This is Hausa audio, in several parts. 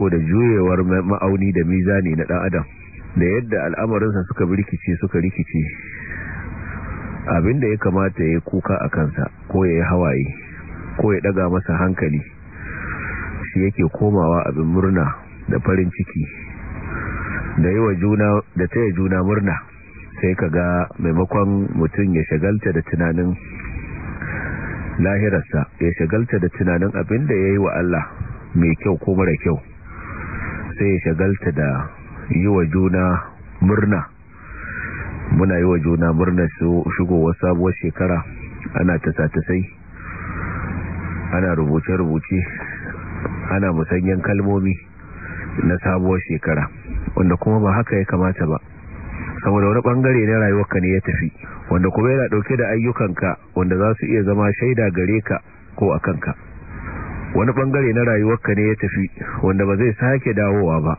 ko da juyewar ma'auni da mizani na dan adam da yadda al'amuransa suka rikice suka rikice abinda ya kamata ya kuka a kansa ko ya yi hawaye ko ya daga masa hankali shi yake komawa abin murna da farin ciki da yi wa juna da ta yi juna murna sai ka ga maimakon mutum ya shagalta da tunanin lahirarsa ya shagalta da tunanin abin da ya yi wa Allah mai kyau ko mara kyau sai ya shagalta da yi wa juna murna muna yi wa juna murna shigowar sabuwar shekara ana tasa-tasai ana rubuce-rubuce ana musanyen kalmomi na sabuwar shekara wanda kuma ba haka ya kamata ba saboda wani bangare na rayuwarka ne ya tafi wanda kuma yana dauke da ayyukanka wanda za su iya zama shaida gare ka ko a kanka wani bangare na rayuwarka ne ya tafi wanda ba zai sake dawowa ba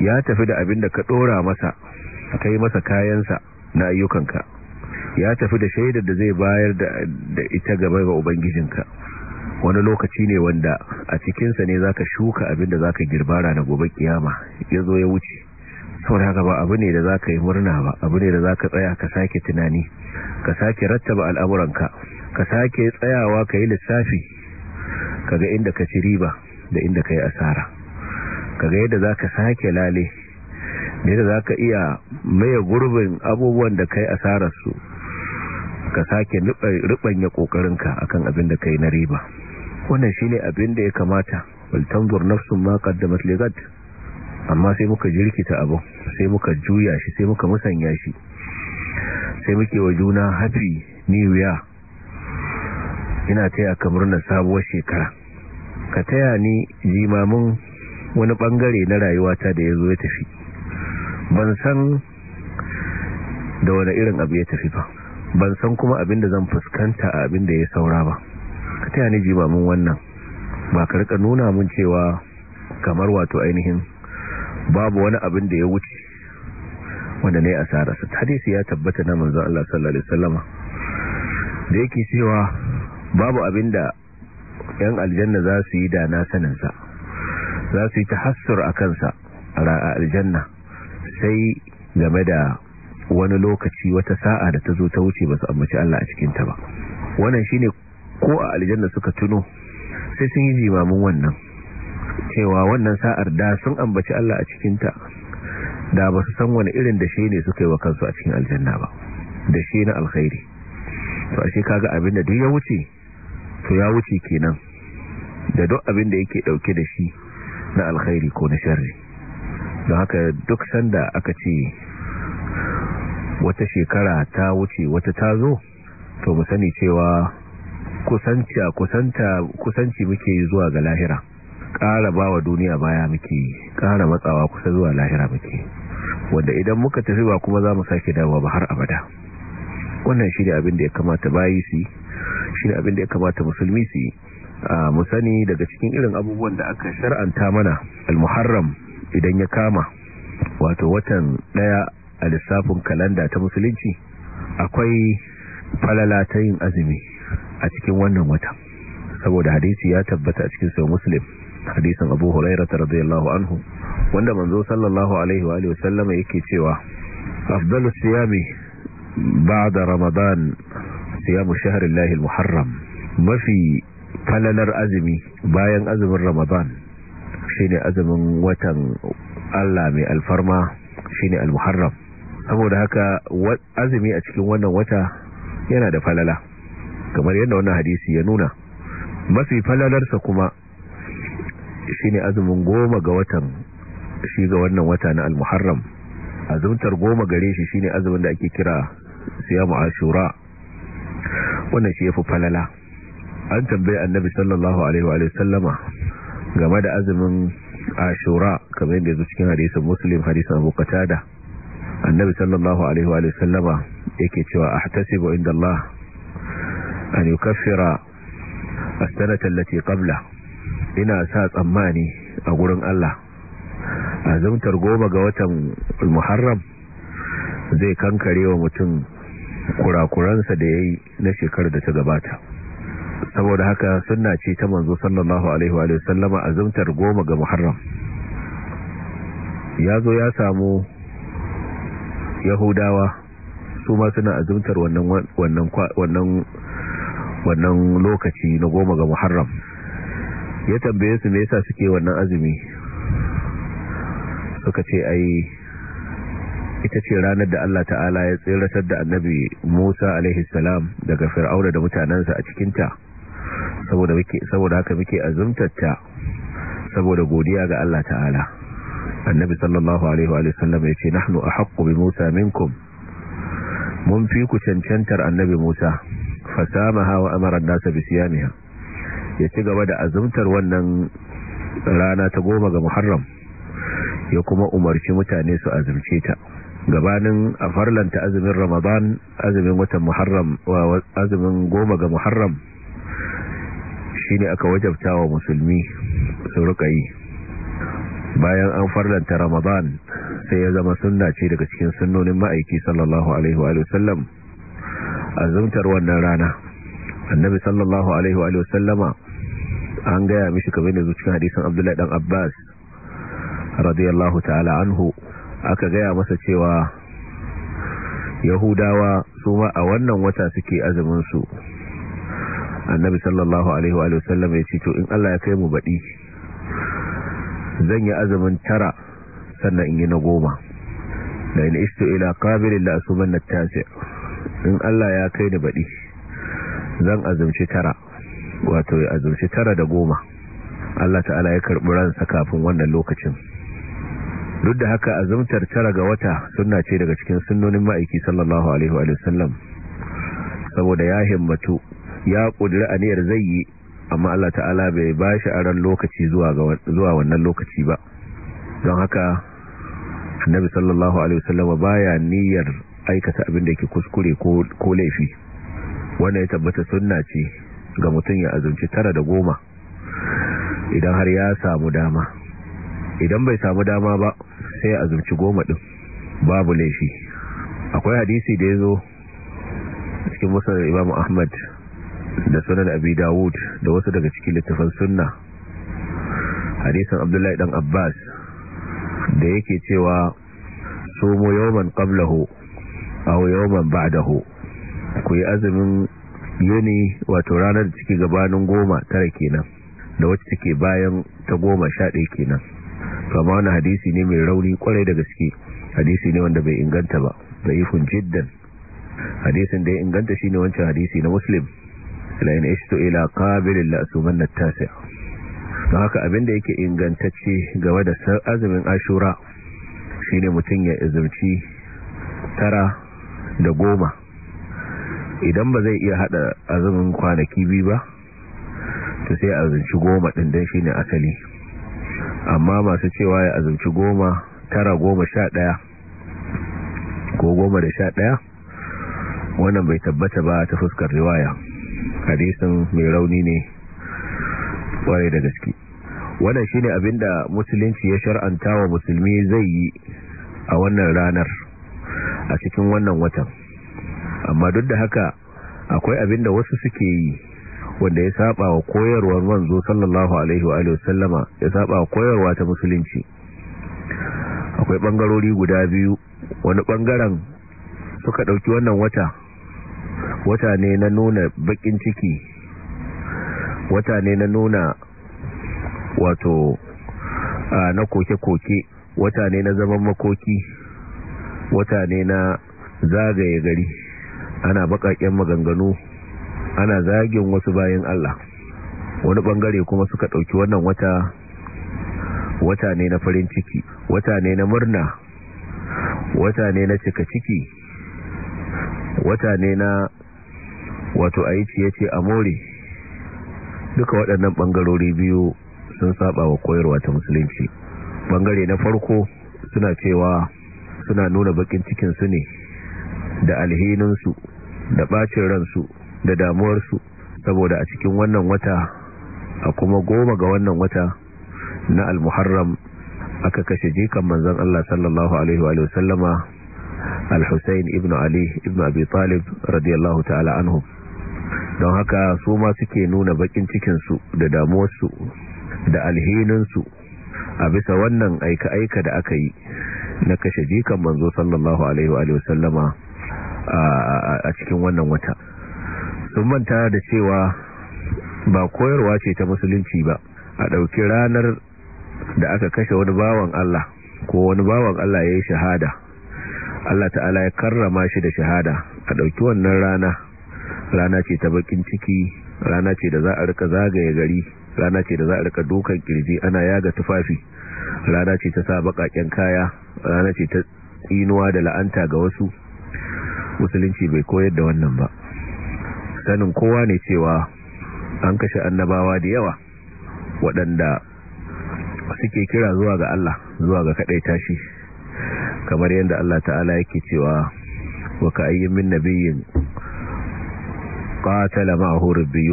ya tafi da abin da ka dora masa ka yi masa kayansa na ayyukanka ya tafi da shaidar da zai bayar da ita gaba ga ubangijinka wani lokaci ne wanda a cikinsa ne zaka shuka abin da zaka girba rana gobe kiyama ya zo ya wuce saboda haka ba abu ne da zaka yi murna ba abu ne da ka tsaya ka sake tunani ka sake rattaba al'amuranka ka sake tsayawa ka yi lissafi kaga inda ka ci riba da inda ka yi asara kaga yadda za ka sake lale yadda za ka iya maye gurbin abubuwan da ka yi asararsu ka sake ribanya kokarinka akan abin da ka yi na riba wannan shi ne abin da ya kamata waltangur nafsun ma da legat amma sai muka jirkita abu sai muka juya shi sai muka musanya shi sai muke wa juna hafi new year ina taya ka na sabuwar shekara ka taya ni jimamin wani bangare na rayuwata da ya zo ya tafi ban san da wani irin abu ya tafi ba ban san kuma abin da zan fuskanta a abin da ya saura ba ka taya ni jimamin wannan ba ka rika nuna mun cewa kamar wato ainihin babu wani abin da ya wuce wanda ne asararsa hadisi ya tabbata na manzon Allah sallallahu alaihi wasallama da yake cewa babu abin da yan aljanna za su yi dana na saninsa za su yi tahassur a kansa a aljanna sai game da wani lokaci wata sa'a da ta zo ta wuce ba su ambaci Allah a cikinta ba wannan shine ko a aljanna suka tuno sai sun yi jimamin wannan cewa wannan sa'ar da sun ambaci Allah a cikinta da ba su san wani irin da shi ne suka yi wa kansu a cikin aljanna ba da shi na alkhairi to ashe kaga abin da duk ya wuce to ya wuce kenan da duk abin da yake dauke da shi na alkhairi ko na sharri don haka duk sanda aka ce wata shekara ta wuce wata ta zo to mu sani cewa kusanci kusanta kusanci muke zuwa ga lahira ƙara ba wa duniya baya muke ƙara matsawa kusa zuwa lahira muke wanda idan muka tafi ba kuma za mu sake dawowa ba har abada wannan shi ne abin da ya kamata bayi su shi ne abin da ya kamata musulmi su yi mu sani daga cikin irin abubuwan da aka shar'anta mana al-muharram idan ya kama wato watan daya a lissafin kalanda ta musulunci akwai falala ta yin azumi a cikin wannan wata saboda hadisi ya tabbata a cikin sahih musulun hadisin abu hurairah radiyallahu anhu wanda manzo sallallahu alaihi wa sallama yake cewa afdalu siyami ba'da ramadan siyamu shahrillahi al-muharram mafi falalar azumi bayan azumin ramadan shine azumin watan Allah mai alfarma shine ne almuharram saboda haka azumi a cikin wannan wata yana da falala kamar yadda wannan hadisi ya nuna mafi falalarsa kuma shine azumin goma ga watan shi ga wannan wata na AlMuharram azumtar goma gare shi shine azumin da ake kira siyamu ashura wannan shi ya fi falala an tambaye annabi sallallahu alaihi wa sallama game da azumin ashura kamar yadda yake cikin hadisin muslim hadisin abu qatada annabi sallallahu alaihi wa sallama yake cewa ahtasibu inda Allah an yukaffira as-sanata allati qabla ina sa tsammani a gurin Allah azumtar goma ga watan muharram zai kankare wa mutum kurakuransa da yayi na shekarar da ta gabata saboda haka sunna ce ta manzo sallallahu alaihi wa sallama azumtar goma ga muharram ya zo ya samu yahudawa su ma suna azumtar wannan wannan lokaci na goma ga muharram ya tambaye su me yasa suke wannan azumi suka ce ai ita ce ranar da Allah ta'ala ya tseratar da annabi Musa alaihi salam daga fir'auna da mutanensa a cikinta saboda muke saboda haka muke azumtata saboda godiya ga Allah ta'ala annabi sallallahu alaihi wa sallam ya ce nahnu ahqqu bi Musa minkum mun fi ku cancantar annabi Musa fasamaha wa amara an-nasa bi siyamiha ya ci gaba da azumtar wannan rana ta goma ga Muharram ya kuma umarci mutane su azumce ta gabanin a farlanta azumin Ramadan azumin watan Muharram azumin goma ga Muharram ne aka wajabta wa musulmi su rika yi bayan an farlanta ramadan sai ya zama sunna ce daga cikin sunnonin ma'aiki sallallahu alaihi wa sallam azumtar wannan rana annabi sallallahu alaihi wa sallama an gaya mishi kamar da zuciyar hadisin abdullahi dan abbas radiyallahu ta'ala anhu aka gaya masa cewa yahudawa su ma a wannan wata suke azumin su annabi sallallahu alaihi wa sallam ya ce to in Allah ya kai mu baɗi zan yi azumin tara sannan in yi na goma da in isto ila qabilin la asuban nattasi in Allah ya kai ni baɗi zan azumci tara wato ya azumci tara da goma Allah ta'ala ya karɓi ransa kafin wannan lokacin duk da haka azumtar tara ga wata sunna ce daga cikin sunnonin ma'aiki sallallahu alaihi wa sallam saboda ya himmatu ya ƙudiri aniyar zai yi amma Allah ta'ala bai ba shi ran lokaci zuwa wannan lokaci ba don haka annabi sallallahu alaihi wasallam baya niyyar aikata abin da yake kuskure ko laifi wannan ya tabbata sunna ce ga mutum ya azumci tara da goma idan har ya samu dama idan bai samu dama ba sai ya azumci goma din babu laifi akwai hadisi da ya zo cikin musulun imamu ahmad da sunan abi dawud da wasu daga cikin littafan sunna hadisan abdullahi dan abbas da yake cewa somo yawman qablahu aw yawman ba'dahu ku yi azumin yini wato ranar da ciki gabanin goma tara kenan da wacce take bayan ta goma sha ɗaya kenan kama wani hadisi ne mai rauni kwarai da gaske hadisi ne wanda bai inganta ba da ifin jiddan hadisin da ya inganta ne wancan hadisi na muslim lain ishtu ila qabilin la asumanna tasi' don haka abinda yake ingantacce gaba da azumin ashura shine mutum ya izurci tara da goma idan ba zai iya hada azumin kwanaki biyu ba to sai azumci goma din dan shine asali amma masu cewa ya azumci goma tara goma sha daya ko goma da sha daya wannan bai tabbata ba ta fuskar riwaya hadisin mai rauni ne kwarai da gaske wannan shine abinda musulunci ya shar'anta wa musulmi zai yi a wannan ranar a cikin wannan watan amma duk da haka akwai abinda wasu suke yi wanda ya saba wa koyarwar manzo sallallahu alaihi wa sallama ya saba wa koyarwa ta musulunci akwai bangarori guda biyu wani bangaren suka dauki wannan wata wata ne na nuna bakin ciki wata ne na nuna wato na koke-koke wata ne na zaman makoki wata ne na zagaye gari ana bakaƙen maganganu ana zagin wasu bayan Allah wani bangare kuma suka ɗauki wannan wata wata ne na farin ciki wata ne na murna wata ne na cika ciki wata ne na wato a yi ciye-ciye a more duka waɗannan ɓangarori biyu sun saba wa koyarwa ta musulunci ɓangare na farko suna cewa suna nuna bakin cikinsu ne da alhininsu da ɓacin ransu da damuwarsu saboda a cikin wannan wata a kuma goma ga wannan wata na almuharram aka kashe jikan manzan Allah sallallahu Alaihi wa sallama al-Husayn ibn Ali ibn Abi Talib radiyallahu ta'ala anhu don haka su ma suke nuna bakin cikinsu da damuwarsu da alhininsu a bisa wannan aika-aika da aka yi na kashe jikan manzo sallallahu alaihi wa sallama a cikin wannan wata sun manta da cewa ba koyarwa ce ta musulunci ba a ɗauki ranar da aka kashe wani bawan Allah ko wani bawan Allah ya yi shahada Allah ta'ala ya karrama shi da shahada a ɗauki wannan rana rana ce ta bakin ciki rana ce da za a rika zagaye gari rana ce da za a rika dokan kirji ana yaga tufafi rana ce ta sa bakaken kaya rana ce ta tsinuwa da la'anta ga wasu musulunci bai koyar da wannan ba sanin kowa ne cewa an kashe annabawa da yawa waɗanda suke kira zuwa ga Allah zuwa ga kaɗai tashi kamar yadda Allah ta'ala yake cewa wa ka'ayyin min nabiyyin qatala ma'ahu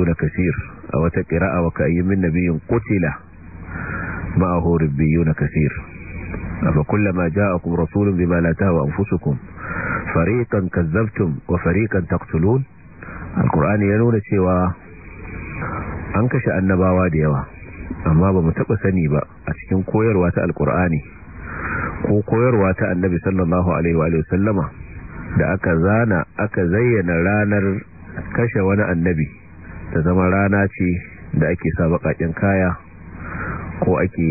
na kaseer a wata qira'a wa kayyimin nabiyyin qutila ma'ahu rabbiyun kaseer fa kullama ja'akum rasulun bima la tahwa anfusukum fariqan kazzabtum wa fariqan taqtulun alqur'ani ya nuna cewa an kashe annabawa da yawa amma bamu taɓa taba sani ba a cikin koyarwa ta alqur'ani ko koyarwa ta annabi sallallahu alaihi wa sallama da aka zana aka zayyana ranar kashe wani annabi ta zama rana ce da ake sa baƙaƙen kaya ko ake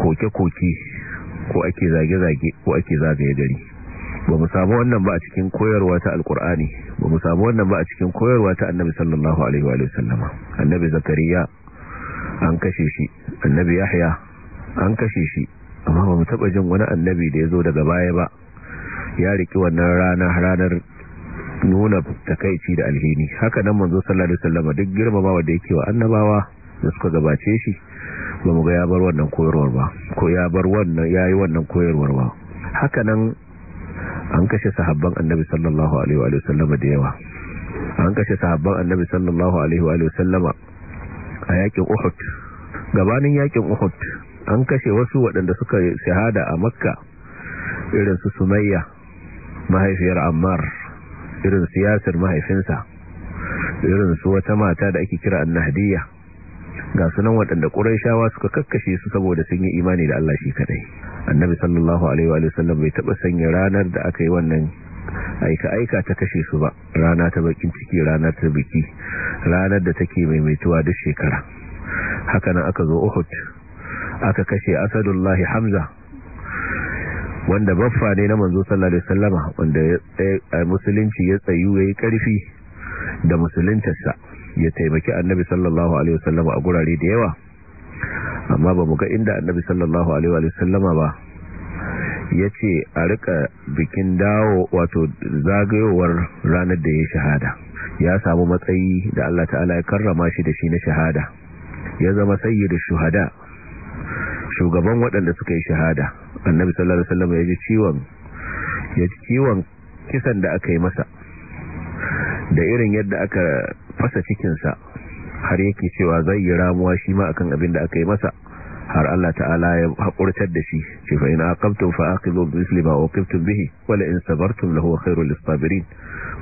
koke-koke ko ake zage-zage ko ake zagaye gari ba mu samu wannan ba a cikin koyarwa ta alkur'ani ba mu samu wannan ba a cikin koyarwa ta annabi sallallahu alaihi wa sallama annabi zakariya an kashe shi annabi yahya an kashe shi amma ba mu taba jin wani annabi da ya zo daga baya ba ya riki wannan rana ranar nuna takaici da alheri haka nan manzo sallallahu alaihi wasallam duk girmamawa da yake wa annabawa da suka gabace shi ba mu ga ya bar wannan koyarwar ba ko ya bar wannan yayi wannan koyarwar ba haka nan an kashe sahabban annabi sallallahu alaihi wa sallama da yawa an kashe sahabban annabi sallallahu alaihi wa sallama a yakin Uhud gabanin yakin Uhud an kashe wasu waɗanda suka shahada a Makka irin su Sumayya mahaifiyar Ammar irin siyasar mahaifinsa irin su wata mata da ake kira annahdiya ga sunan waɗanda ƙurayshawa suka kakkashe su saboda sun yi imani da Allah shi kadai annabi sallallahu alaihi wa sallam bai taba sanya ranar da aka yi wannan aika aika ta kashe su ba rana ta bakin ciki rana ta biki ranar da take maimaituwa duk shekara haka nan aka zo Uhud aka kashe Asadullahi Hamza wanda baffa ne na manzo sallallahu alaihi wasallama wanda ya musulunci ya tsayu yayi karfi da musuluntarsa ya taimaki annabi sallallahu alaihi wasallama a gurare da yawa amma ba mu ga inda annabi sallallahu alaihi wasallama ba yace a rika bikin dawo wato zagayowar ranar da ya shahada ya samu matsayi da Allah ta'ala ya karrama shi da shi na shahada ya zama sayyidu shuhada shugaban waɗanda suka yi shahada annabi sallallahu alaihi wasallam ya ji ciwon ya ji ciwon kisan da aka yi masa da irin yadda aka fasa cikinsa har yake cewa zai yi ramuwa shi ma akan abin da aka yi masa har Allah ta'ala ya haƙurtar da shi ce fa in aqamtum fa aqibu bi misli ma uqimtum bihi wala in sabartum lahu khairul lisabirin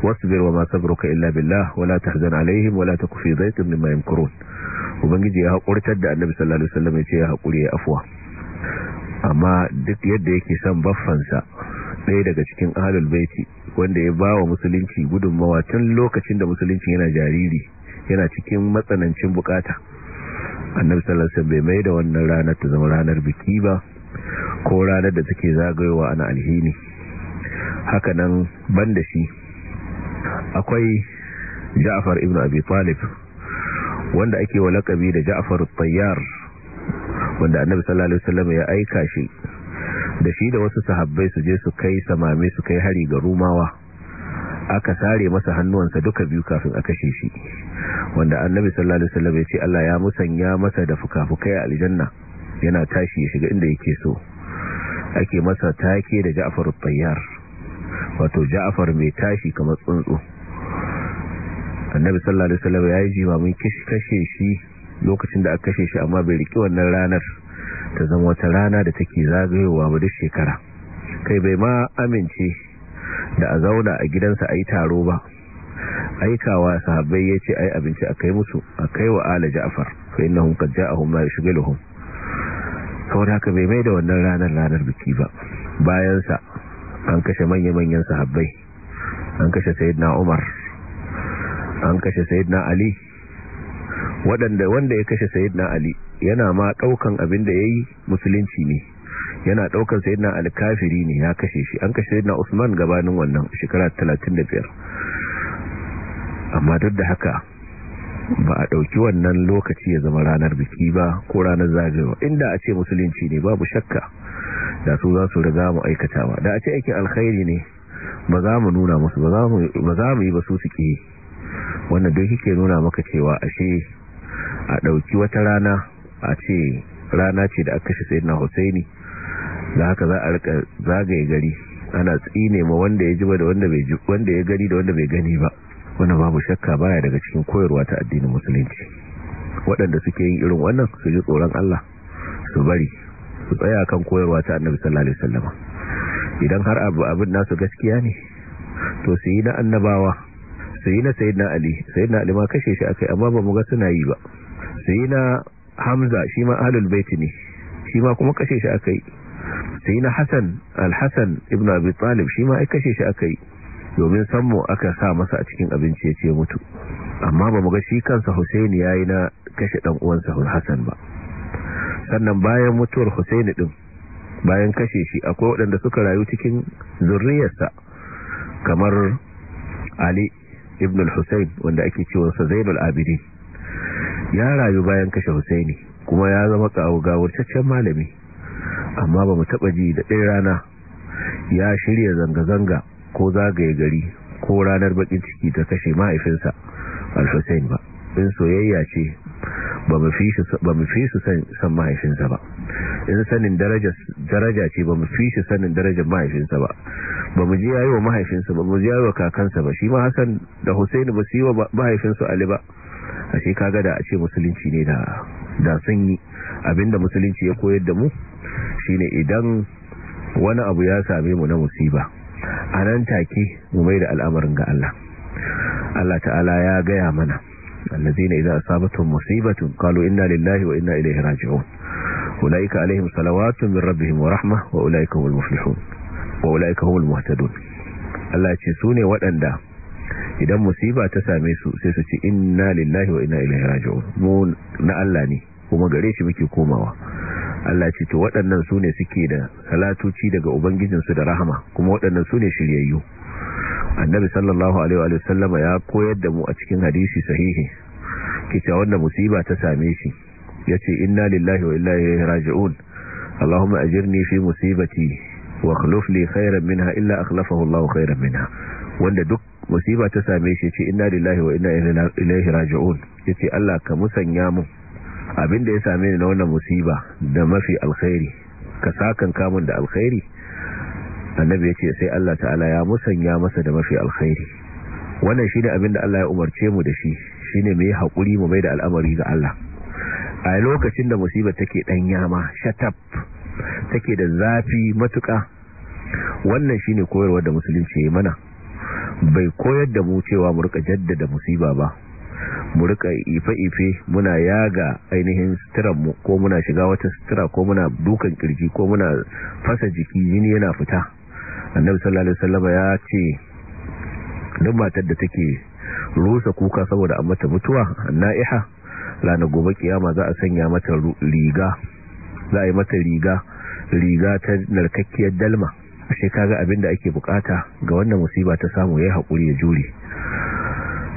wasbir wa ma sabruka illa billah wala tahzan alaihim wala la taku fi dhaiqin mimma yamkurun ubangiji ya haƙurtar da annabi sallallahu alaihi wasallam ya ce ya haƙuri ya afwa amma duk yadda yake son sa ɗaya daga cikin ahlul baiti wanda ya bawa musulunci gudunmawa tun lokacin da musulunci yana jariri yana cikin matsanancin bukata annabi sallallahu alaihi wasallam da wannan ranar ta zama ranar biki ba ko ranar da take zagayowa ana alhini haka nan da shi akwai Ja'far ibn Abi Talib wanda ake wa lakabi da Ja'far Tayyar wanda Annabi sallallahu alaihi wasallam ya aika shi da shi da wasu sahabbai su je su kai samame su kai hari ga Rumawa aka sare masa hannuwansa duka biyu kafin a kashe shi wanda annabi sallallahu alaihi wasallam ya ce Allah ya musanya masa da fukafukai a aljanna yana tashi ya shiga inda yake so ake masa take da Ja'far al tayyar wato Ja'far mai tashi kamar tsuntsu annabi sallallahu alaihi wasallam ya yi jimamin kashe shi lokacin da aka kashe shi amma bai riki wannan ranar ta zama wata rana da take zagayowa ba duk shekara kai bai ma amince da a zauna a gidansa a yi taro ba aikawa sahabbai yace ai abinci akai musu akai wa ala ja'far fa innahum qad ja'ahum ma yushghiluhum saboda haka bai mai da wannan ranar ranar biki ba bayan sa an kashe manya-manyan sahabbai an kashe sayyidina Umar an kashe sayyidina Ali wanda wanda ya kashe sayyidina Ali yana ma daukan abin da yayi musulunci ne yana daukan sayyidina al-kafiri ne ya kashe shi an kashe sayyidina Usman gabanin wannan shekara 35 amma duk da haka ba a ɗauki wannan lokaci ya zama ranar biki ba ko ranar zagayewa inda a ce musulunci ne babu shakka da su za su riga mu aikata ba da a ce aikin alkhairi ne ba za mu nuna musu ba za mu yi ba su suke wannan duk ke nuna maka cewa ashe a ɗauki wata rana a ce rana ce da aka kashe sayyidina Husaini da haka za a rika zagaye gari ana tsine ma wanda ya ji ba gani da wanda bai gani ba wannan babu shakka baya daga cikin koyarwa ta addinin musulunci waɗanda suke yin irin wannan su yi tsoron Allah su bari su tsaya kan koyarwa ta annabi sallallahu alaihi wasallam idan har abu abin nasu gaskiya ne to su yi na annabawa su yi na sayyidina ali sayyidina ali ma kashe shi akai amma bamu ga suna yi ba su yi na hamza shi ma ahlul bait ne shi ma kuma kashe shi akai su yi na hasan al-hasan ibnu abi talib shi ma ai kashe shi akai domin sammo aka sa masa a cikin abinci ya ce mutu amma ba mu ga shi kansa Husaini yi na kashe ɗan uwansa Hassan ba sannan bayan mutuwar Husaini ɗin bayan kashe shi akwai waɗanda suka rayu cikin zurriyarsa kamar Ali ibn al wanda ake cewa sa Zainul Abidin ya rayu bayan kashe Husaini kuma ya zama gawurtaccen malami amma ba mu taba ji da ɗin rana ya shirya zanga-zanga ko zagaye gari ko ranar bakin ciki ta kashe mahaifinsa alfasain ba in soyayya ce ba mu fi su san mahaifinsa ba in sanin daraja ce ba mu fi su sanin darajar mahaifinsa ba ba mu ji yayi wa mahaifinsa ba mu ji yayi wa kakansa ba shi ma hasan da Hussein ba su yi wa mahaifinsu ali ba a shi kaga da a ce musulunci ne da da sun yi abinda musulunci ya koyar da mu shine idan wani abu ya same mu na musiba a nan take mu mai da al'amarin ga Allah Allah ta'ala ya gaya mana allazina idza asabatun musibatun qalu inna lillahi wa inna ilaihi raji'un ulaika alaihim salawatu min rabbihim wa rahma, wa ulaika humul muflihun wa ulaika humul muhtadun Allah ya ce sune waɗanda idan musiba ta same su sai su ce inna lillahi wa inna ilaihi raji'un mu na Allah ne kuma gare shi muke komawa Allah ce to waɗannan su ne suke da salatoci daga ubangijinsu da rahama kuma waɗannan su ne shiryayyu annabi sallallahu alaihi wa sallama ya koyar da mu a cikin hadisi sahihi kice wanda musiba ta same shi yace inna lillahi wa inna ilaihi raji'un allahumma ajirni fi musibati wa akhlif li khairan minha illa akhlafahu allah khairan minha wanda duk musiba ta same shi yace inna lillahi wa inna ilaihi raji'un yace Allah ka musanya mu abin da ya same ni na wannan musiba da mafi alkhairi ka sakan kamun da alkhairi annabi ya ce sai Allah ta'ala ya musanya masa da mafi alkhairi wannan shine abin da Allah ya umarce mu da shi shine me yi hakuri mu mai da al'amari ga Allah a lokacin da musiba take dan yama shatap take da zafi matuka wannan shine koyarwa da musulunci yayi mana bai koyar da mu cewa mu rika jaddada musiba ba mu rika ife-ife muna yaga ainihin sitiran mu ko muna shiga wata sitira ko muna dukan kirji ko muna fasa jiki yini yana fita annabi sallallahu alaihi wasallam ya ce duk matar da take rusa kuka saboda an mata mutuwa na'iha lana gobe kiyama za a sanya mata riga za a yi mata riga riga ta narkakkiyar dalma ashe kaga abin da ake bukata ga wannan musiba ta samu yayi hakuri ya jure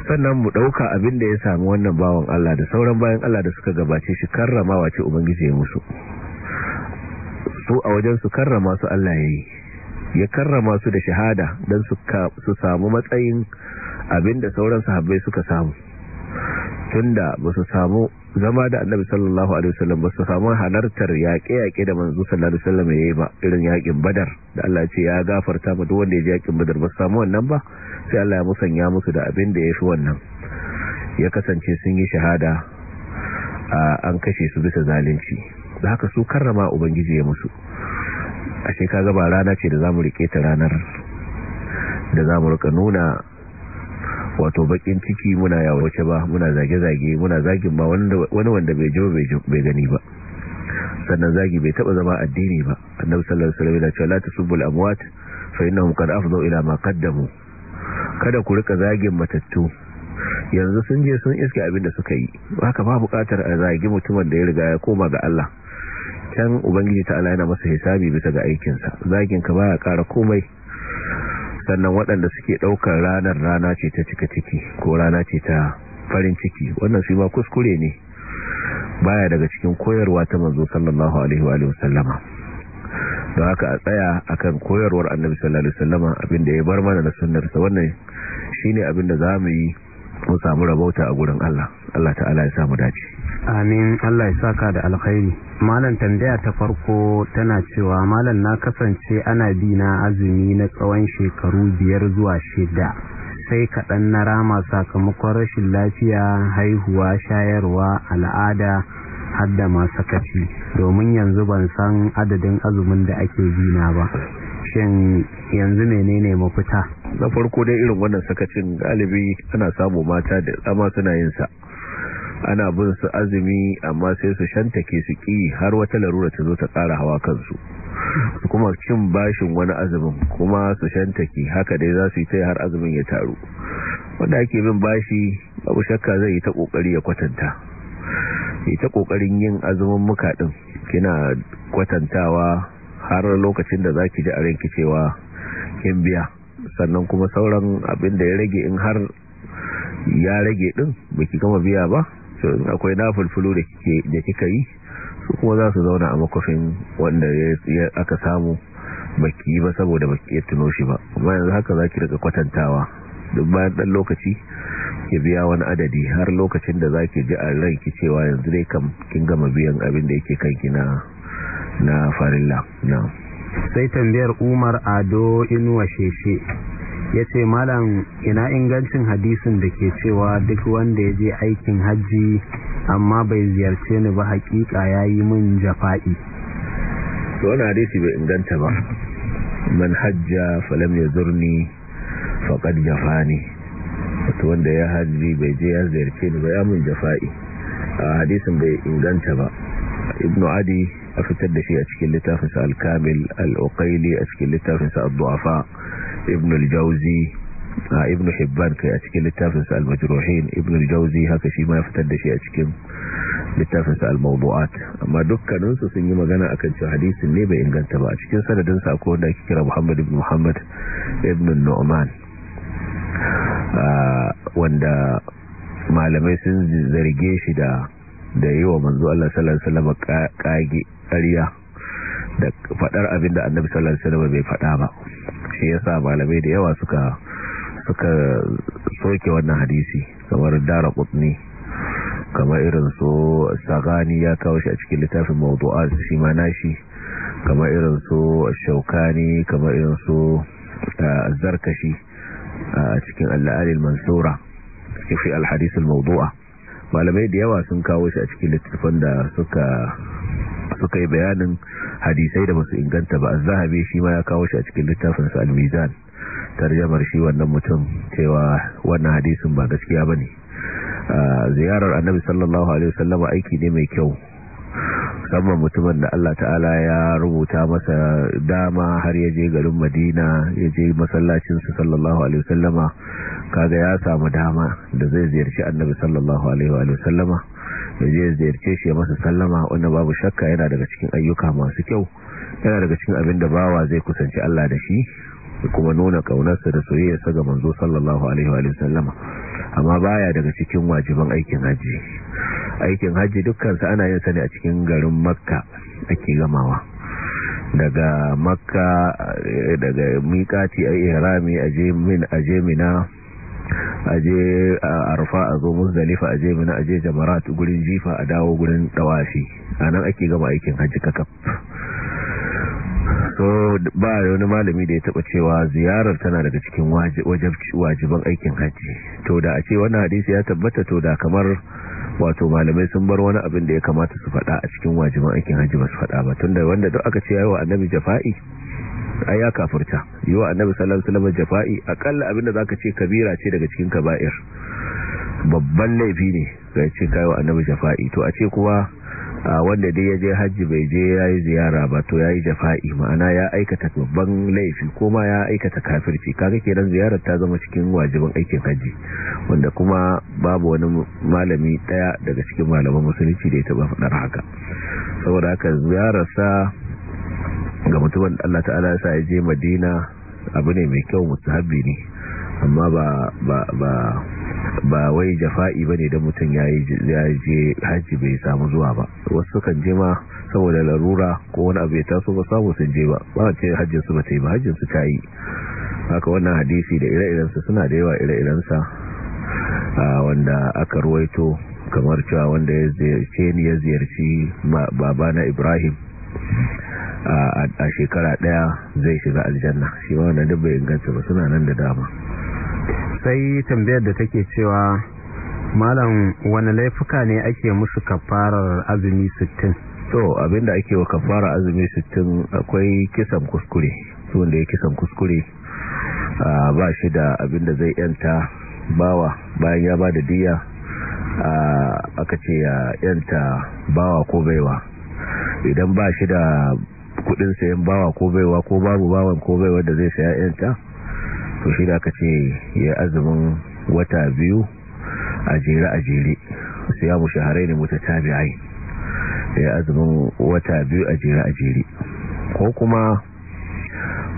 sannan mu ɗauka abin da ya samu wannan bawan Allah da sauran bayan Allah da suka gabace shi karrama wace ubangiji ya musu su a wajen su karrama su Allah ya yi ya karrama su da shahada dan su samu matsayin abin da sauran sahabbai suka samu tunda ba su samu zama da annabi sallallahu alaihi wasallam ba su samu halartar yaƙe-yaƙe da manzo sallallahu alaihi wasallam yayi ba irin yaƙin badar da Allah ya ce ya gafarta mu duk wanda ya ji yaƙin badar ba su samu wannan ba sai Allah ya musanya musu da abin da ya fi wannan ya kasance sun yi shahada an kashe su bisa zalunci da haka su karrama ubangiji ya musu ashe kaga ba rana ce da zamu rike ta ranar da zamu rika nuna wato bakin ciki muna yawace ba muna zage-zage muna zagin ba wani wanda bai jiwa bai gani ba sannan zagi bai taba zama addini ba annabi sallallahu alaihi wasallam ya ce la tasubbul amwat fa innahum qad afdaw ila ma qaddamu kada ku rika zagin matattu yanzu sun je sun iske abin da suka yi haka ba bukatar a zagi mutumin da ya riga ya koma ga Allah can ubangiji ta yana masa hisabi bisa ga aikinsa zagin ka baya kara komai sannan waɗanda suke ɗaukar ranar rana ce ta cika ciki ko rana ce ta farin ciki wannan yi ma kuskure ne baya daga cikin koyarwa ta manzo sallallahu alaihi wa sallama don haka a tsaya akan koyarwar annabi sallallahu alaihi wasallama abinda ya bar mana da sa wannan shine abin da zamu yi mu samu rabauta a gurin Allah Allah ta'ala ya samu dace amin Allah ya saka da alkhairi malam tambaya ta farko tana cewa malam na kasance ana bi azumi na tsawon shekaru biyar zuwa shida sai kaɗan na rama sakamakon rashin lafiya haihuwa shayarwa al'ada har da masakaci domin yanzu ban san adadin azumin da ake bina ba shin yanzu menene mafita na farko dai irin wannan sakacin galibi ana samu mata da tsama suna yin sa ana bin su azumi amma sai su shantake su ki har wata larura ta zo ta ƙara hawa kansu kuma cin bashin wani azumin kuma su shantake haka dai za su yi ta har azumin ya taru wanda ake bin bashi abu shakka zai yi ta ƙoƙari ya kwatanta yi ta ƙoƙarin yin azumin muka ɗin kina kwatantawa har lokacin da za ki ji a ranki cewa kin biya sannan kuma sauran abin da ya rage in har ya rage din baki gama biya ba so akwai nafulfulu da kika yi su kuma za su zauna a makofin wanda ya aka samu baki ba saboda baki ya tuno shi ba amma yanzu haka ki daga kwatantawa duk bayan ɗan lokaci ki biya wani adadi har lokacin da za ki ji a ranki cewa yanzu dai kam kin gama biyan abin da yake kanki na na farilla na sai tambayar Umar Ado Inuwa Sheshe ya ce malam ina ingancin hadisin da ke cewa duk wanda ya je aikin hajji amma bai ziyarce ni ba hakika ya yi min jafa'i to wani hadisi bai inganta ba man hajja falam ya zurni faƙad jafani wato wanda ya hajji bai je ya ziyarce ni ba ya min jafa'i a hadisin bai inganta ba ibnu adi a fitar da shi a cikin littafinsa al-kamil al-uqaili a cikin littafinsa ad-du'afa ibn al-jawzi a ibn hibban kai a cikin littafinsa al-majruhin ibn al-jawzi haka shi ma ya fitar da shi a cikin littafinsa al-mawdu'at amma dukkaninsu sun yi magana akan cewa hadisin ne bai inganta ba a cikin sanadin sa akwai wanda ake kira Muhammad ibn Muhammad ibn Nu'man wanda malamai sun zarge shi da da yi wa manzo Allah sallallahu alaihi wasallam kage ƙariya da faɗar abin da annabi sallallahu alaihi bai faɗa ba shi yasa malamai da yawa suka suka soke wannan hadisi kamar dara qutni kamar irin so sagani ya kawo shi a cikin littafin mawdu'at shi ma nashi kamar irin so shaukani kamar irin so zarkashi a cikin al mansura fi al-hadith al malamai da yawa sun kawo shi a cikin littafin da suka suka yi bayanin hadisai da basu inganta ba zahabi shi ma ya kawo shi a cikin littafin su al-mizan tarjamar shi wannan mutum cewa wannan hadisin ba gaskiya bane ah, ziyarar annabi sallallahu alaihi wasallam aiki ne mai kyau musamman mutumin da Allah ta'ala ya rubuta masa dama har ya je garin madina ya je masallacinsu sallallahu alaihi wasallama kaga ya samu dama da zai ziyarci annabi sallallahu alaihi wasallama ya je ziyarce shi masa sallama wanda babu shakka yana daga cikin ayyuka masu kyau yana daga cikin abin da bawa zai kusanci Allah da shi kuma nuna kaunarsa da sa ga manzo sallallahu alaihi wasallama amma baya daga cikin wajiban aikin haji aikin hajji dukkansa ana yin sani a cikin garin makka ake gamawa daga makka daga miƙati a irami a jemina aje arfa a zo a aje mina aje jamarat gurin jifa a dawo gurin dawafi nan ake gama aikin hajji kakaf so ba wani malami da ya taba cewa ziyarar tana daga cikin wajiban aikin hajji to da a ce wannan hadisi ya tabbata to da kamar wato malamai sun bar wani abin da ya kamata su faɗa a cikin wajiban aikin hajji ba su faɗa ba da wanda duk aka ce yayi wa annabi jafa'i ai ya kafurta yi wa annabi sallallahu alaihi jafa'i akalla abin da ka ce kabira ce daga cikin kaba'ir babban laifi ne ga ce kai wa annabi jafa'i to a ce kuwa wanda dai ya je hajji bai je ya yi ziyara ba to ya yi jafa'i ma'ana ya aikata babban laifi ko ma ya aikata kafirci kaga kenan ziyarar ta zama cikin wajiban aikin hajji wanda kuma babu wani malami daya daga cikin malaman musulunci da ya taba faɗar haka saboda haka ziyararsa ga mutumin Allah ta'ala ya sa ya je Madina abu ne mai kyau mutahabbi ne amma ba wai jafa'i ba ne da mutum ya je haji bai samu zuwa ba wasu kan je ma saboda larura ko wani abu ya taso ba samu sun je ba ba a ce Hajjinsu su ba yi ba Hajjinsu ta yi haka wannan hadisi da ire irensa suna da yawa ire irensa wanda aka ruwaito kamar cewa wanda ya ziyarce ni ya ziyarci babana Ibrahim a shekara daya zai shiga aljanna shi wannan duk bai inganta ba suna nan da dama sai tambayar da take cewa malam wani laifuka ne ake musu kafarar azumi sittin? to abinda ake wa kafarar azumi sittin akwai kisan kuskure su wanda ya kisan kuskure ba shi da abinda zai yanta bawa bayan ya ba da diya aka ce ya yanta bawa ko baiwa idan ba shi da kudin sayan bawa ko baiwa ko babu bawan ko baiwa da zai saya yanta to shi da aka ce ya azumin wata biyu a jere a jere su ya mu shaharai ne mutu tabi'ai ya azumin wata biyu a jere a jere ko kuma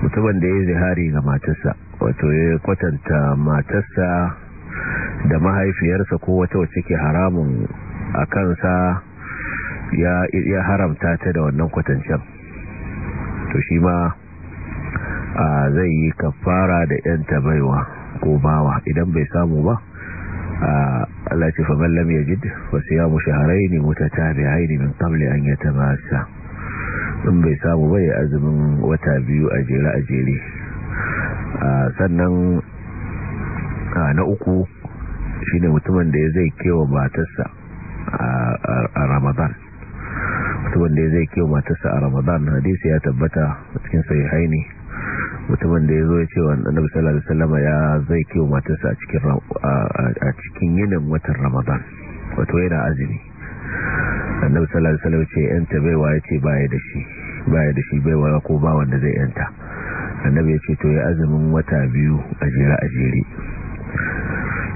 mutumin da ya zihari ga matarsa wato ya kwatanta matarsa da mahaifiyarsa ko wata wacce ke haramun a kansa ya haramta ta da wannan kwatancen to shi ma zai yi kafara da yanta baiwa ko bawa idan bai samu ba Allah ce faman lam yajid wuta ta bai haini min qabli an yi ta masa in bai samu ba ya azumin wata biyu a jere a jere sannan na uku shine mutumin da ya zai kewa matarsa a Ramadan mutumin da ya zai kewa matarsa a Ramadan hadisi ya tabbata cikin haini. mutumin da ya zo ya ce wa annabi sallallahu alaihi wasallam ya zai kiwo matarsa a cikin a cikin yinin watan ramadan wato yana azumi annabi sallallahu alaihi wasallam ce yanta baiwa ya ce baya da shi baya da shi baiwa ko ba wanda zai yanta annabi ya ce to ya azumin wata biyu a jere a jere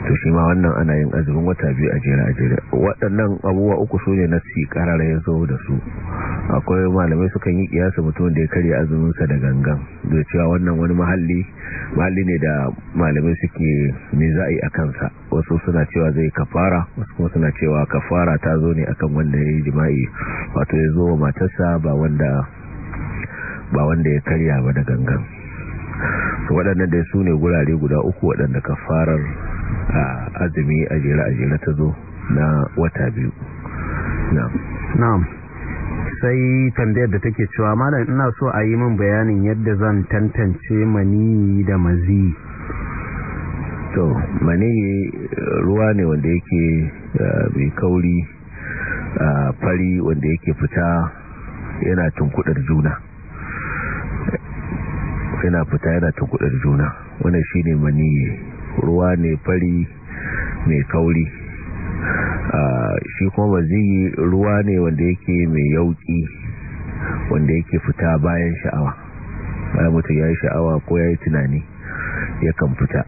to shi ma wannan ana yin azumin wata biyu a jere a jere waɗannan abubuwa uku su ne na si ƙarara ya zo da su akwai malamai sukan yi kiyasa mutum da ya karya azuminsa da gangan da cewa wannan wani mahalli mahalli ne da malamai suke me za a kansa wasu suna cewa zai kafara wasu kuma suna cewa kafara ta zo ne akan wanda ya yi jima'i wato ya zo wa matarsa ba wanda ba wanda ya karya ba da gangan waɗannan da su ne gurare guda uku waɗanda kafarar azumi a ajiyar a ta zo na wata biyu na'am sai tambayar da take cewa malam ina so a yi min bayanin yadda zan tantance mani da mazi to mani eh, ruwa ne wanda yake eh, mai kauri eh, fari wanda yake fita yana tunkudar juna yana fita yana tunkudar juna wannan shine mani ruwa ne fari mai kauri shi kuma maziyi ruwa ne wanda yake mai yauki wanda yake fita bayan sha'awa bayan mutum ya yi sha'awa ko ya yi tunani ya kan fita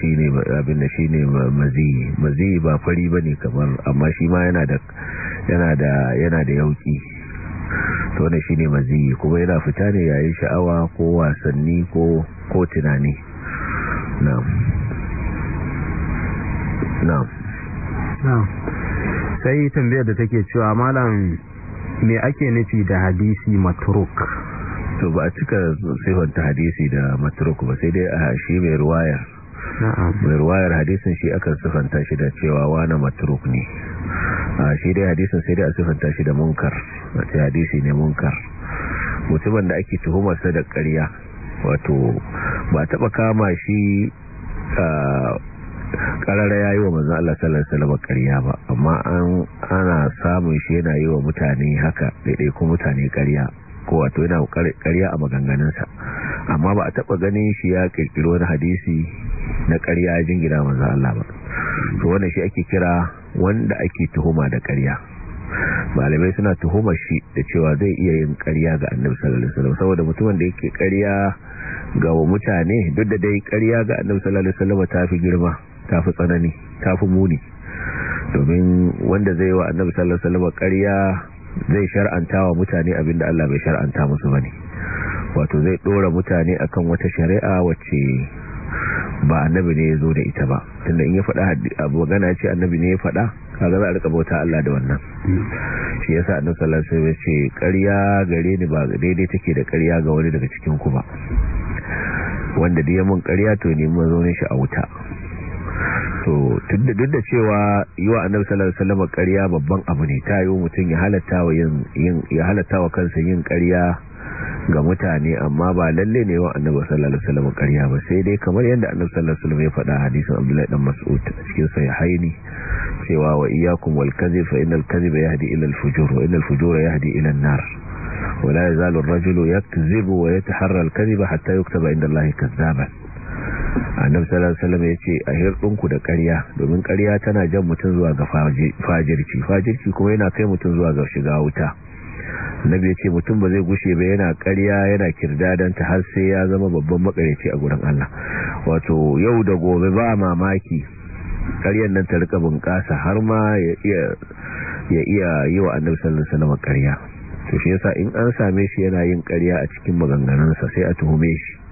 shi ne abin da shi ne maziyi maziyi ba fari ba ne kamar amma shi ma yana da yana da yauki to shi ne maziyi kuma yana fita ne yayin sha'awa ko wasanni ko tunani na na'am sai tambayar da take cewa malam me ake nufi da hadisi matruk to ba a cika sifanta hadisi da matruk ba sai dai a ah, shi mai ruwayar mai ruwayar hadisin shi akan sifanta shi da cewa wani matruk ne a ah, shi dai hadisin sai dai a sifanta shi da munkar a ce hadisi ne munkar mutumin da ake tuhumarsa da karya wato ba taba kama shi ah, karara yi wa manzan Allah sallallahu alaihi wasallam ƙarya ba amma an ana samun shi yana yi wa mutane haka daidai ko mutane ƙarya ko wato yana ƙarya a maganganunsa amma ba a taba ganin shi ya kirkiro wani hadisi na ƙarya jingina manzan Allah ba to wannan shi ake kira wanda ake tuhuma da ƙarya malamai suna tuhuma shi da cewa zai iya yin ƙarya ga annabi sallallahu alaihi wasallam saboda mutumin da yake ƙarya ga mutane duk da dai ƙarya ga annabi sallallahu alaihi wasallam ta fi girma tafi tsanani tafi muni domin wanda zai wa annabi sallallahu alaihi wasallam ƙarya zai shar'anta wa mutane abinda Allah bai shar'anta musu bane wato zai dora mutane akan wata shari'a wacce ba annabi ne ya zo da ita ba tunda in ya faɗa abu magana ce annabi ne ya faɗa kaga za a rika bauta Allah da wannan shi yasa annabi sallallahu alaihi wasallam ya ce ƙarya gare ni ba daidai take da ƙarya ga wani daga cikin ku ba wanda da ya mun ƙarya to ne mun zo shi a wuta to duk da cewa yiwa annabi sallallahu alaihi wasallam ƙarya babban abu ne tayo mutum ya halatta wa yin ya halatta wa kansa yin ƙarya ga mutane amma ba lalle ne wa annabi sallallahu alaihi wasallam ƙarya ba sai dai kamar yadda annabi sallallahu alaihi wasallam ya faɗa hadisin Abdullahi dan Mas'ud cikin sahihaini cewa wa iyyakum wal kadhib fa innal kadhiba yahdi ila al fujur wa innal fujura yahdi ila an nar wa la yazalu ar-rajulu yakdhibu wa yataharra al kadhiba hatta yuktaba inda Allah kadhaban annabi sallallahu alaihi wasallam yace a hirdinku da ƙarya domin ƙarya tana jan mutum zuwa ga fajirci fajirci kuma yana kai mutum zuwa ga shiga wuta annabi yace mutum ba zai gushe ba yana ƙarya yana kirdadan ta har sai ya zama babban makareci a gurin Allah wato yau da gobe ba mamaki ƙaryan nan ta rika bunƙasa har ma ya iya ya iya yi wa annabi sallallahu alaihi wasallam ƙarya to shi yasa in an same shi yana yin ƙarya a cikin maganganunsa sai a tuhume shi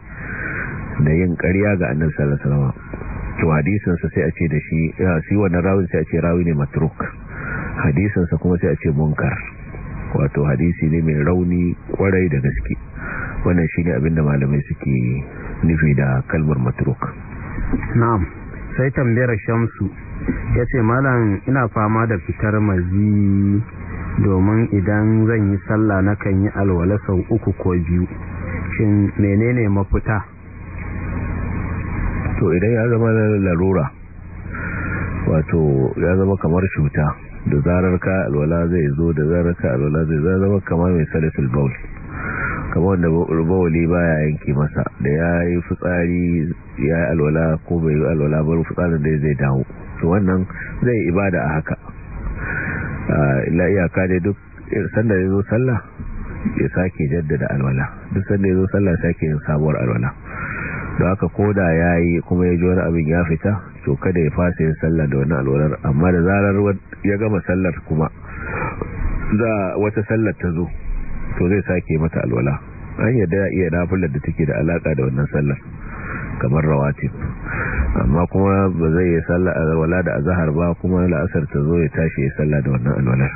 da yin ƙarya ga annabi salasalama to hadisinsa sai a ce da shi si wannan rawin sai a ce rawi ne matruk hadisinsa kuma sai a ce munkar wato hadisi ne mai rauni kwarai da gaske wannan shine ne abinda malamai suke nufi da kalmar matruk na'am sai tambayar shamsu ya ce malam ina fama da fitar mazi domin idan zan yi sallah nakan yi alwala sau uku ko biyu shin menene mafita wato idan ya zama larura wato ya zama kamar cuta da zarar ka alwala zai zo da zarar ka alwala zai zama kamar mai salatul bauli kamar wanda ba ya yanke masa da ya yi fitsari ya yi alwala ko bai yi alwala ba fitsarin da zai dawo to wannan zai yi ibada a haka la iyaka dai duk sanda ya zo sallah ya sake jaddada alwala duk sanda ya zo sallah sake yin sabuwar alwala da haka koda ya yi kuma ya ji wani abin ya fita to kada ya fasa yin sallah da wani alwalar amma da zarar ya gama sallar kuma za wata sallar ta zo to zai sake mata alwala an yadda ya iya nafular da take da alaka da wannan sallar kamar rawatib amma kuma ba zai yi sallar alwala da azahar ba kuma la'asar ta zo ya tashi ya sallar da wannan alwalar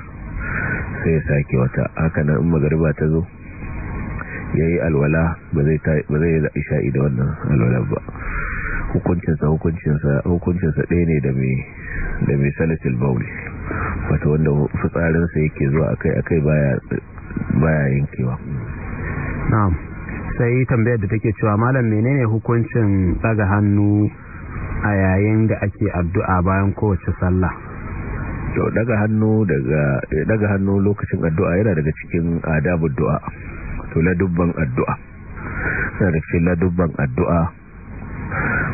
sai ya sake wata haka nan in magariba ta zo ya yi alwala ba zai yi isha'i da wannan alwala ba hukuncinsa hukuncinsa ɗaya ne da mai salisil bauli wata wanda fitsarinsa yake zuwa akai-akai baya yankewa na'am sai tambayar da take cewa malam menene hukuncin daga hannu a yayin da ake addu'a bayan kowace sallah to daga hannu lokacin addu'a yana daga cikin adabu du'a wato ladubban addu'a sai ladubban addu'a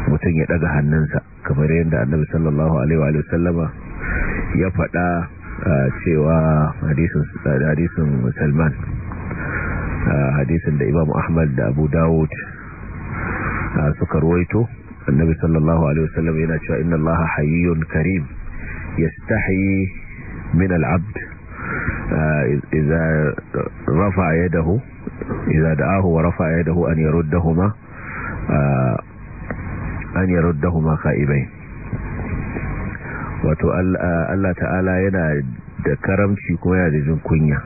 mutum ya daga hannunsa kamar yadda annabi sallallahu alaihi wa sallama ya faɗa cewa hadisin musulman hadisun da Imam Ahmad da Abu Dawud suka ruwaito annabi sallallahu alaihi yana cewa inna allaha hayyun karim yastahi min al'abd idza rafa yadahu idza da'ahu wa rafa'a yadahu an yaruddahuma an yaruddahuma qa'ibain wato Allah ta'ala yana da karamci kuma yana da jin kunya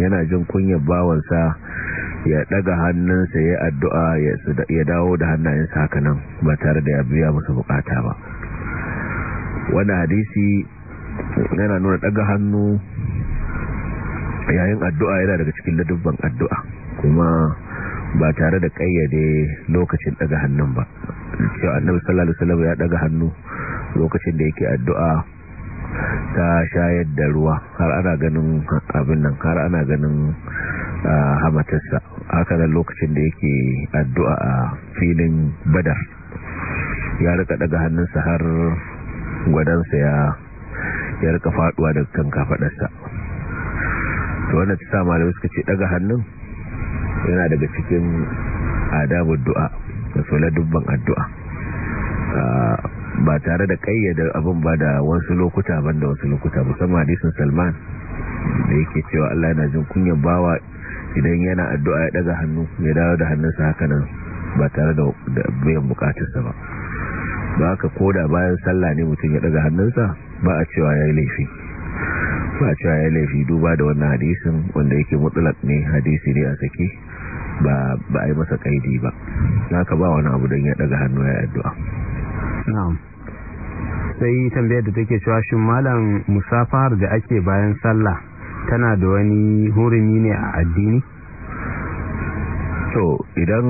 yana jin kunya bawansa ya daga hannunsa ya addu'a ya dawo da hannayensa haka nan ba tare da ya biya musu bukata ba wannan hadisi yana nuna daga hannu yayin addu'a yana daga cikin ladubban addu'a kuma ba tare da kayyade lokacin daga hannun ba cewa annabi sallallahu alaihi wasallam ya daga hannu lokacin da yake addu'a ta shayar da ruwa har ana ganin abin nan har ana ganin hamatarsa haka da lokacin da yake addu'a a filin badar ya rika daga hannunsa har gwadansa ya ya rika faduwa da kan kafadarsa to wannan ta sa malamai suka ce daga hannun yana daga cikin adabar du'a da sola dubban addu'a ba tare da kayyada abin ba da wasu lokuta ban da wasu lokuta musamman hadisin salman da yake cewa allah yana jin kunyar bawa idan yana addu'a ya daga hannu ya dawo da hannunsa haka nan ba tare da biyan bukatarsa ba ba haka koda bayan sallah ne mutum ya daga hannunsa ba a cewa ya yi laifi ba a cewa ya yi laifi duba da wannan hadisin wanda yake mutulak ne hadisi ne a sake ba ba a yi masa kaidi ba ka ba wani abu don ya daga hannu ya addu'a na'am sai tambayar da take cewa shi malam musafar da ake bayan sallah tana da wani hurumi ne a addini So idan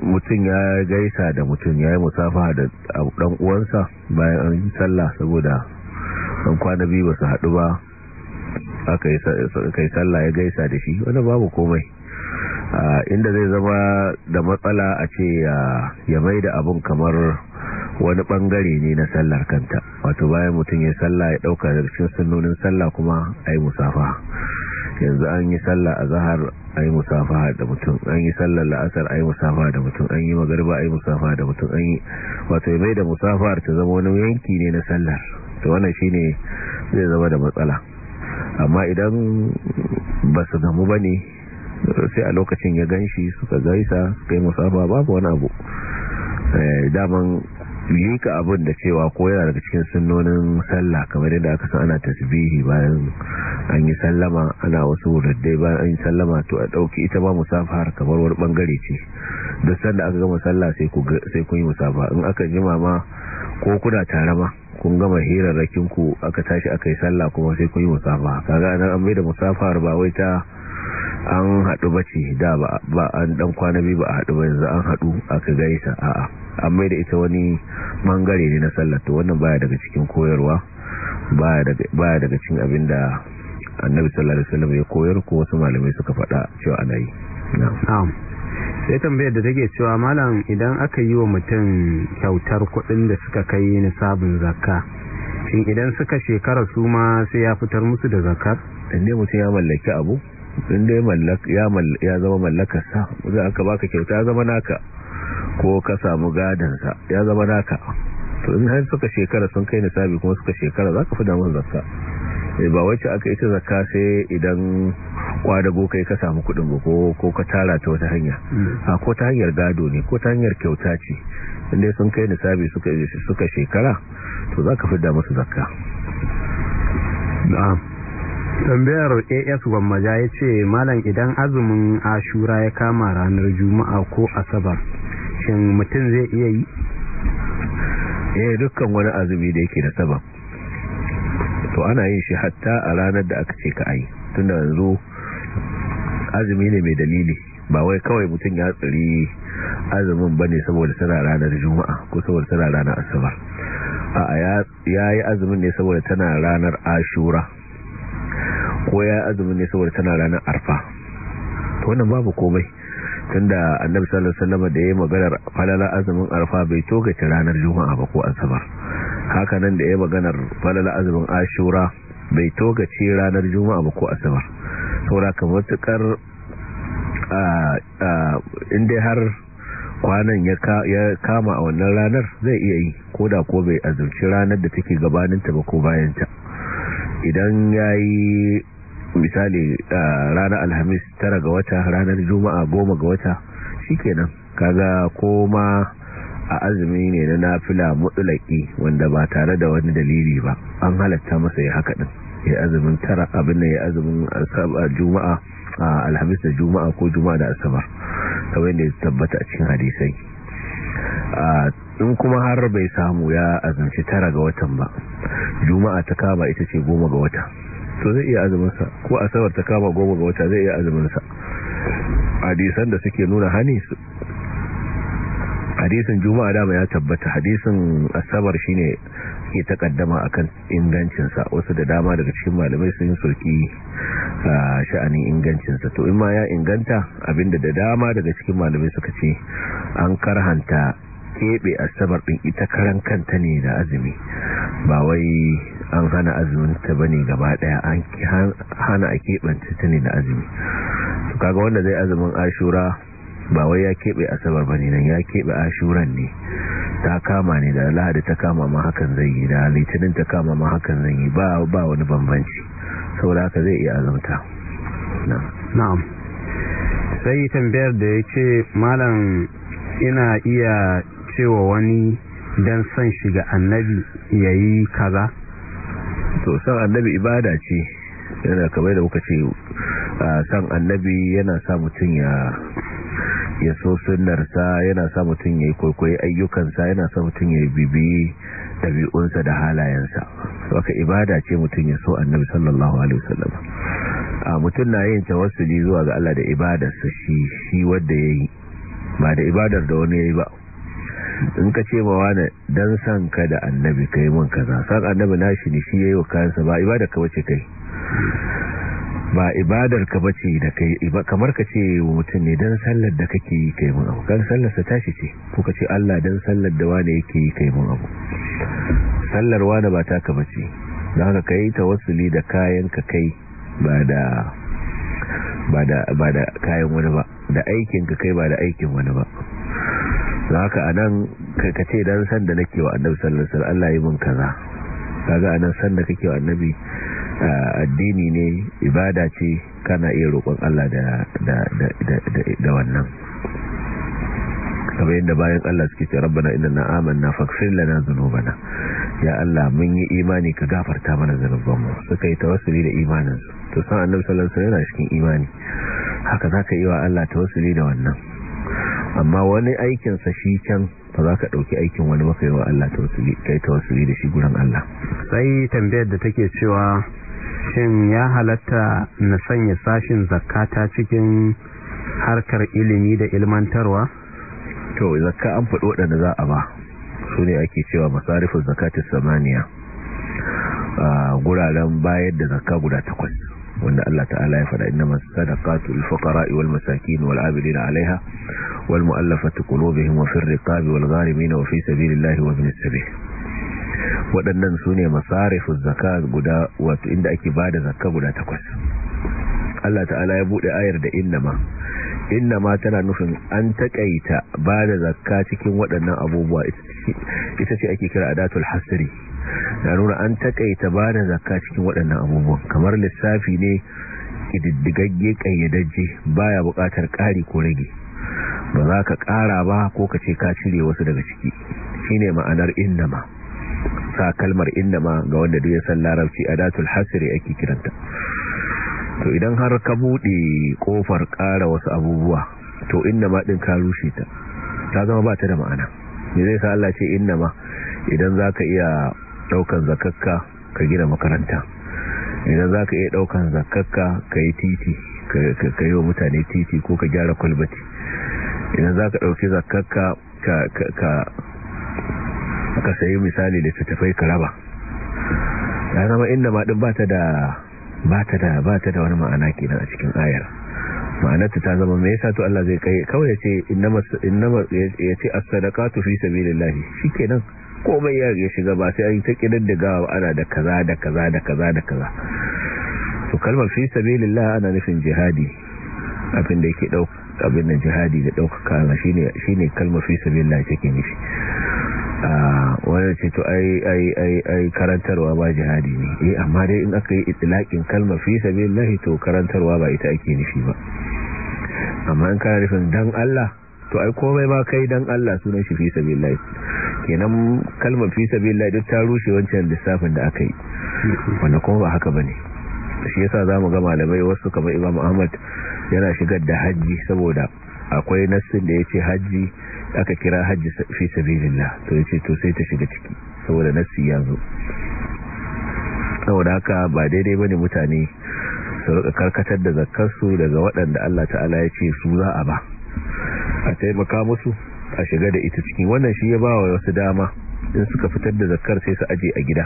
mutum ya gaisa da mutum ya yi musafa da dan uwansa bayan an sallah saboda an kwana biyu ba su haɗu ba aka yi sallah ya gaisa da shi wani babu komai Ah, inda zai zama da matsala a ce ah, ya mai da abun kamar wani bangare ne na sallar kanta wato bayan mutum ya sallah ya dauka daga cikin sunnonin sallah kuma yi musafa yanzu an yi sallah a zahar yi musafa da mutum an yi sallar la'asar yi musafa da mutum an yi magarba yi musafa da mutum an yi wato ya mai da musafar ta zama wani yanki ne na sallar to wannan shi ne zai zama da matsala amma idan ba su gamu ba ne sai a lokacin ya ganshi suka gaisa suka yi musaba babu wani abu eh, daman ka abin da cewa ko yana daga cikin sunonin sallah kamar yadda aka san ana tasbihi bayan an yi sallama ana wasu wurare bayan an yi sallama to a ɗauki ita ba musafahar kamar wani bangare ce da sanda aka gama sallah sai kun yi musafa in aka jima ma ko kuna tare ma kun gama hirarrakin ku aka tashi aka yi sallah kuma sai kun yi musafa kaga nan an mai da musafahar ba wai ta an haɗu bace da ba an dan kwana biyu ba a haɗu ba yanzu an haɗu aka gaisa a'a an mai da ita wani mangare ne na sallah wannan baya daga cikin koyarwa baya daga baya daga cikin abinda annabi sallallahu alaihi ya koyar ko wasu malamai suka faɗa cewa ana yi sai tambayar da take cewa malam idan aka yi wa mutum kyautar kuɗin da suka kai nisabin zakka shin idan suka shekara su ma sai ya fitar musu da zakkar ne mutum ya mallaki abu in dai ya zama mallakarsa wanda aka baka kyauta zama naka ko ka samu gadansa ya zama naka to in har suka shekara sun kai nisabi kuma suka shekara za ka fi damar zakka eh, ba wacce aka ita zarka sai idan kwadago kai ka samu kudin ba ko ka tara ta wata hanya mm. a ko ta hanyar gado ne ko ta hanyar kyauta ce inda sun kai nisabi suka shekara to za ka fi damar su zakka na'am tambayar as gwammaja ya ce malam idan azumin ashura ya kama ranar juma'a ko asabar shin mutum zai iya yi eh dukkan wani azumi da yake da sabab to ana yin shi hatta a ranar da aka ce ka ai tunda yanzu azumi ne mai dalili ba wai kawai mutum ya tsiri azumin ba ne saboda tana ranar juma'a ko saboda tana ranar asabar a ya yi azumin ne saboda tana ranar ashura ko ya azumi ne saboda tana ranar arfa wannan babu komai tunda annabi sallallahu alaihi wasallam da yayi maganar falala azumin arfa bai toga ta ranar juma'a ba ko asabar haka nan da yayi maganar falala azumin ashura bai toga ce ranar juma'a ba ko asabar saboda kamar tukar inda har kwanan ya kama a wannan ranar zai iya yi ko da ko bai azumci ranar da take gabaninta ba ko bayanta idan ya yi misali ranar alhamis tara ga wata ranar juma'a goma ga wata shikenan kaga ko ma a azumi ne na nafila mutulaki wanda ba tare da wani dalili ba an halatta masa ya haka din ya azumin tara abin da ya azumin juma'a a alhamis da juma'a ko juma'a da asabar kawai da ya tabbata a cikin hadisai in kuma har bai samu ya azumci tara ga watan ba juma'a ta kama ita ce goma ga wata to zai iya azuminsa ko asabar ta kama goma ga wata zai iya azuminsa hadisan da suke nuna hani hadisin juma'a dama ya tabbata hadisin asabar shine ke takaddama akan ingancinsa wasu da dama daga cikin malamai sun soki sha'anin ingancinsa to in ma ya inganta abinda da dama daga cikin malamai suka ce an karhanta keɓe asabar ɗin ita karan kanta ne da azumi ba wai an hana azumin ta bane gaba ɗaya an hana a kebanta ta ne da azumi to kaga wanda zai azumin ashura ba wai ya keɓe asabar ba ne nan ya keɓe ashuran ne ta kama ne da lahadi ta kama ma hakan zai yi da litinin ta kama ma hakan zai yi ba ba wani bambanci saboda haka zai iya azumta na'am sai tambayar da ya ce malam ina iya cewa wani dan son shiga annabi yayi kaza to san annabi ibada ce yana kamar da muka ce san annabi yana sa mutum ya ya so sunnarsa yana sa mutum ya yi kwaikwayi ayyukansa yana sa mutum ya bibiyi ɗabi'unsa da halayensa waka ibada ce mutum ya so annabi sallallahu alaihi wasallam a mutum na yin tawassuli zuwa ga Allah da ibadarsa shi shi wanda yayi ba da ibadar da wani yayi ba in ka ce mawa na don san ka da annabi ka yi mun kaza san annabi na shi ne shi ya yi wa kayansa ba ibadar ka bace kai ba ibadar ka bace da kai kamar ka ce mutum ne don sallar da ka ke yi kai mun abu kan sallar sa tashi ce ko ka ce Allah don sallar da wani yake yi kai mun abu sallar wani ba ta ka bace dan haka wasu li da kayan ka kai ba da ba da kayan wani ba da aikin ka kai ba da aikin wani ba da haka a nan karkace don sanda nake wa annabi sallallahu alaihi Allah yi mun kaza kaga a nan sanda kake wa annabi addini ne ibada ce kana iya roƙon Allah da wannan kamar yadda bayan Allah suke ce na inna na faghfir lana dhunubana ya Allah mun yi imani ka gafarta mana mu suka yi tawassuli da imanin to san annabi sallallahu alaihi wasallam yana cikin imani haka zaka yi wa Allah tawassuli da wannan amma wani aikinsa shi can ba za ka ɗauki aikin wani maka yawa Allah wasu yi da shi gurin Allah sai tambayar da take cewa shin ya halatta na sanya sashin zakata cikin harkar ilimi da ilmantarwa to zakka an faɗo waɗanda za a ba su ne ake cewa masarifin zakatun samaniya a ah, guraren bayar da zakka guda takwas wanda Allah ta'ala ya faɗa innamas sadaqatu lil fuqara'i wal masakin wal 'amilina 'alayha wal mu'allafati qulubihim wa fir riqabi wal gharimin wa fi sabilillahi wa ibnis sabil waɗannan sune masarifuz zakat guda wato inda ake bada zakka guda takwas Allah ta'ala ya bude ayar da innama innama tana nufin an takaita bada zakka cikin waɗannan abubuwa ita ce ake kira adatul hasri da nuna an takaita ba da zakka cikin waɗannan abubuwan kamar lissafi ne ƙididdigagge ƙayyadajje ya buƙatar ƙari ko rage ba za ka ƙara ba ko ka ce ka cire wasu daga ciki shine ma'anar innama sa kalmar innama ga wanda duk ya san larabci datul hasire ake kiranta to idan har ka buɗe ƙofar ƙara wasu abubuwa to innama ɗin ka rushe ta ta zama ba ta da ma'ana me zai sa Allah ce innama idan za ka iya daukan zakakka ka gina makaranta idan za ka iya daukan zakakka ka yi titi ka yi wa mutane titi ko ka gyara kwalbati idan za ka dauki zakakka ka sayi misali da tattafai ka raba ya zama inda maɗin ba ta da ba ta da ba ta da wani ma'ana kenan a cikin ayar ma'anarta ta zama mai yasa to Allah zai kai kawai yace innama innama yace as-sadaqatu fi sabilillah shikenan komai ya ya shiga ba sai an ta gawa ana da kaza da kaza da kaza da kaza to kalmar fi sabilillah ana nufin jihadi abin da yake dauka abin da jihadi da dauka kana shine shine kalmar fi sabilillah take nufi ah, Wani ce to ai karantarwa ba jihadi ne eh amma dai in aka yi itilakin kalmar fi sabilillah to karantarwa ba ita ake nufi ba amma in kana rufin dan Allah to ai komai ba kai dan Allah sunan shi fi sabilillah kenan kalmar fi sabilillah duk ta rushe wancan lissafin da aka yi wanda kuma ba haka bane shi yasa zamu ga malamai wasu kamar Imam Ahmad yana shigar da haji saboda akwai nasin da yace haji aka kira haji fi sabilillah to yace to sai ta shiga ciki saboda nassi ya zo saboda haka ba daidai bane mutane su rika karkatar da zakkarsu daga waɗanda Allah ta'ala ya ce su za a ba a taimaka musu a shiga da ita ciki wannan shi ya ba wa wasu dama in suka fitar da zakar sai su aje a gida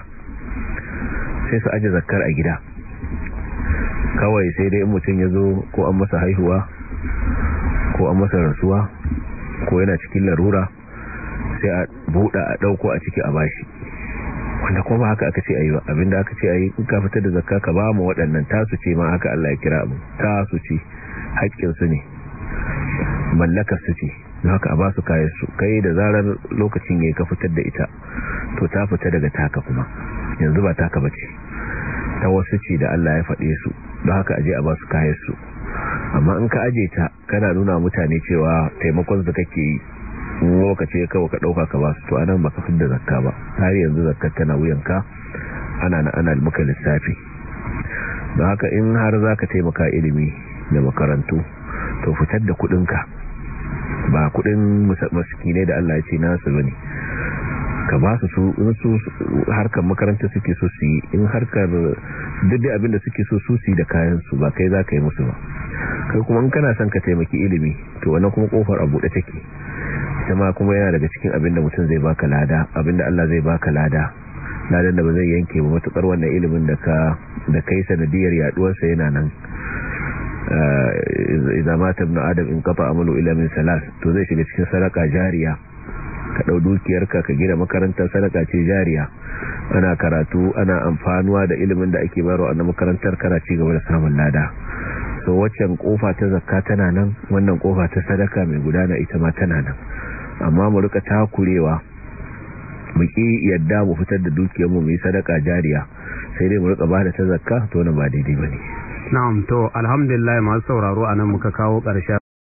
sai su aje zakar a gida kawai sai dai mutum ya zo ko an masa haihuwa ko an masa rasuwa ko yana cikin larura sai a buɗa a ɗauko a ciki a bashi wanda kuma haka aka ce ayi ba abinda aka ce ayi ka fitar da zakka ka ba mu waɗannan tasu ce ma haka Allah ya kira mu tasu ce haƙƙinsu ne mallakar su ce don haka a ba su kayan su kai da zarar lokacin ya yi ka fitar da ita to ta fita daga taka kuma yanzu ba taka bace ta wasu ce da Allah ya faɗe su don haka aje a ba su kayan su amma in ka aje ta kana nuna mutane cewa taimakon zaka ke yi lokaci ya kawo ka ɗauka ka ba su to anan baka fi da zakka ba har yanzu zakkar tana wuyan ka ana na ana maka lissafi da haka in har zaka taimaka ilimi da makarantu to fitar da kuɗinka ba kudin maskinai da Allah ya ce nasu bane ka ba su su in su harkar makaranta suke so su yi in harkar duk da suke so su su da kayan su ba kai za ka yi musu ba kai kuma in kana son ka taimaki ilimi to wannan kuma kofar a buɗe take ita ma kuma yana daga cikin abinda mutum zai baka lada abinda Allah zai baka lada ladan da ba zai yanke ba matukar wannan ilimin da ka da kai sanadiyar yaduwarsa yana nan idza mata ibnu adam in kafa amalu ila min salas to zai shiga cikin sadaka jariya ka dau dukiyarka ka gina makarantar sadaka ce jariya ana karatu ana amfanuwa da ilimin da ake bayarwa a makarantar kana ci gaba da samun lada so waccan kofa ta zakka tana nan wannan kofa ta sadaka mai gudana ita ma tana nan amma mu rika takurewa mu ki yadda mu fitar da dukiyarmu mu yi sadaka jariya sai dai mu rika bada ta zakka to na ba daidai bane na'am to alhamdulillah masu sauraro a nan muka kawo ƙarshen